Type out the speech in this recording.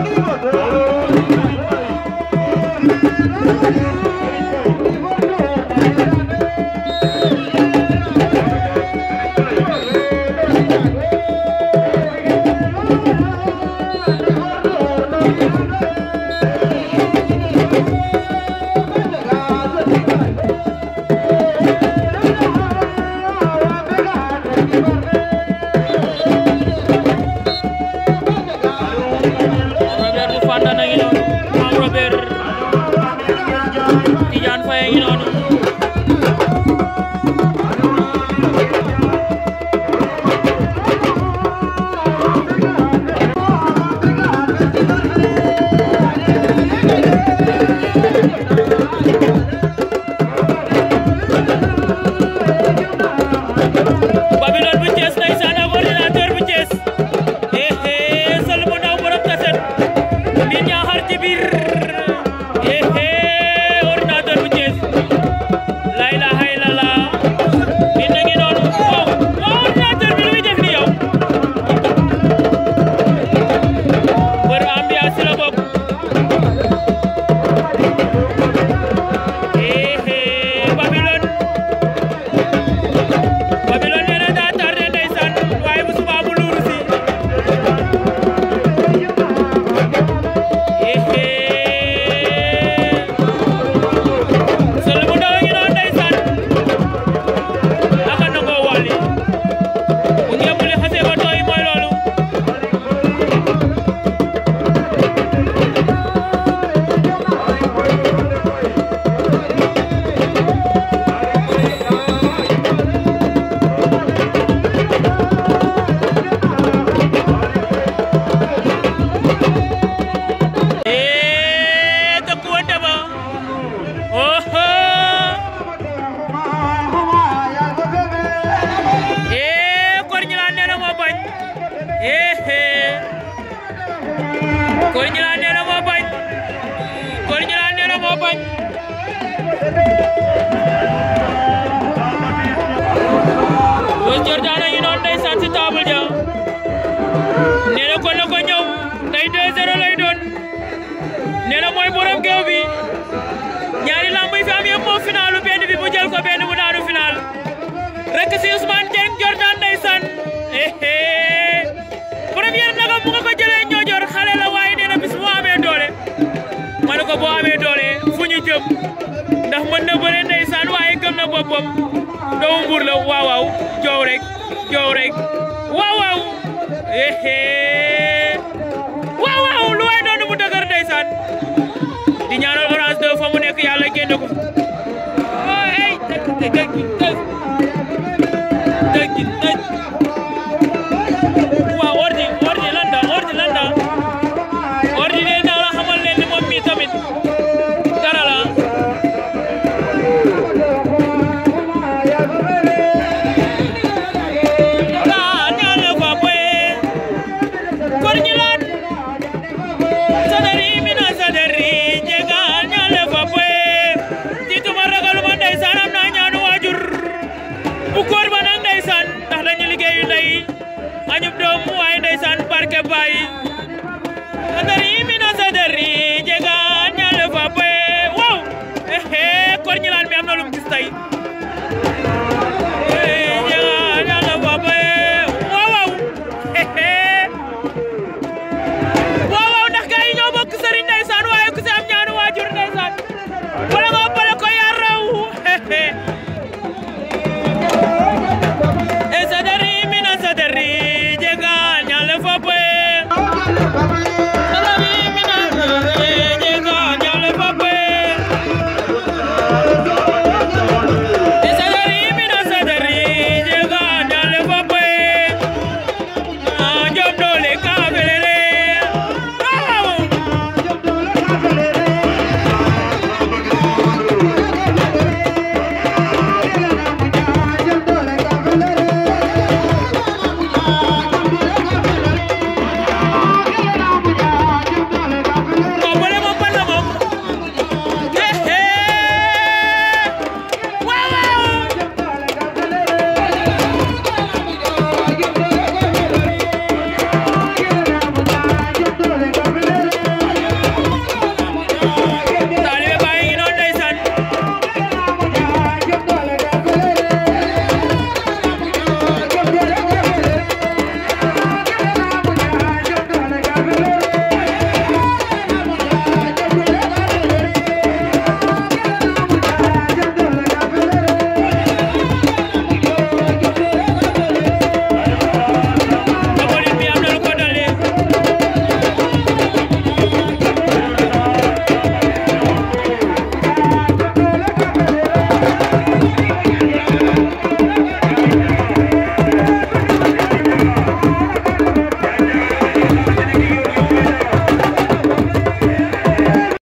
Thank you. Tidiane Faye ngi noonu càmmoñ Boss Jordan a noonu ndeysaan si table ja nee na ko na tey 2-0 lay doon nee géew bi ñaari lamb yi fi am moo finalu benn bi mu jël ko benn mu daanu final doomu Mbuur la waaw waaw joow rek joow rek waaw waaw eh waaw waaw lu waay doon mu di ñaanal Orange 2 fa mu nekk yàlla génne ko ay dëgg dëgg dëgg waaw ordi ordi lan la ordi lan la ordi nee naa la xamal leen ni moom mii tamit night.